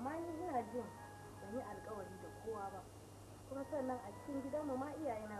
amma ni ina jin ban yi alkawari da kowa ba kuma sannan a cikin gidanmu ma iyayena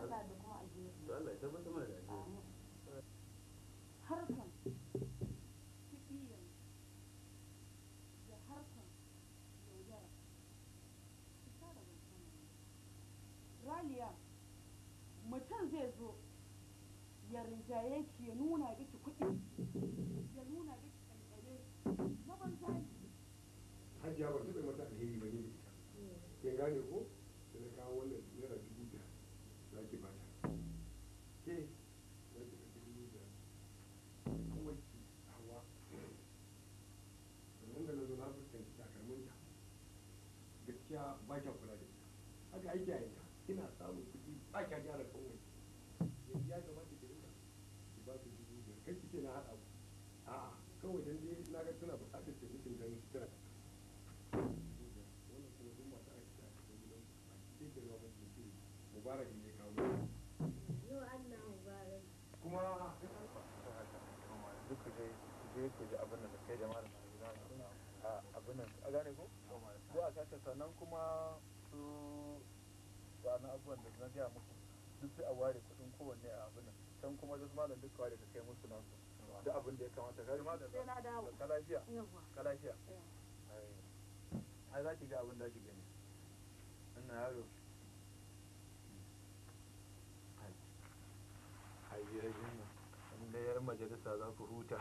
Allah da da da su mutum zai zo ya rinjaye ki ya nuna miki kuɗi ya nuna miki ƙalƙale na banza hajiya ba ta mata alheri ba ne kin gane ko da kawo wannan zaki ba ta ke zaki ba ta dubu biyar kawai ki hawa sannan da na zo na fuskanci takalminta gaskiya ba kya kula da ita haka aiki a ita ina samun kuɗi ba kya gyara kawai ku je ku ji abin da ta kai da malam a abin nan a gane ko ko a sace sannan kuma su ba na abubuwan da na gaya muku duk sai a ware kuɗin kowanne a abin nan can kuma duk malam duk ware ka kai musu nasu duk abin da ya kamata gari malam ka lafiya ka lafiya eh. ai za ki ga abin da ki gani ina yaro majalisa za ku huta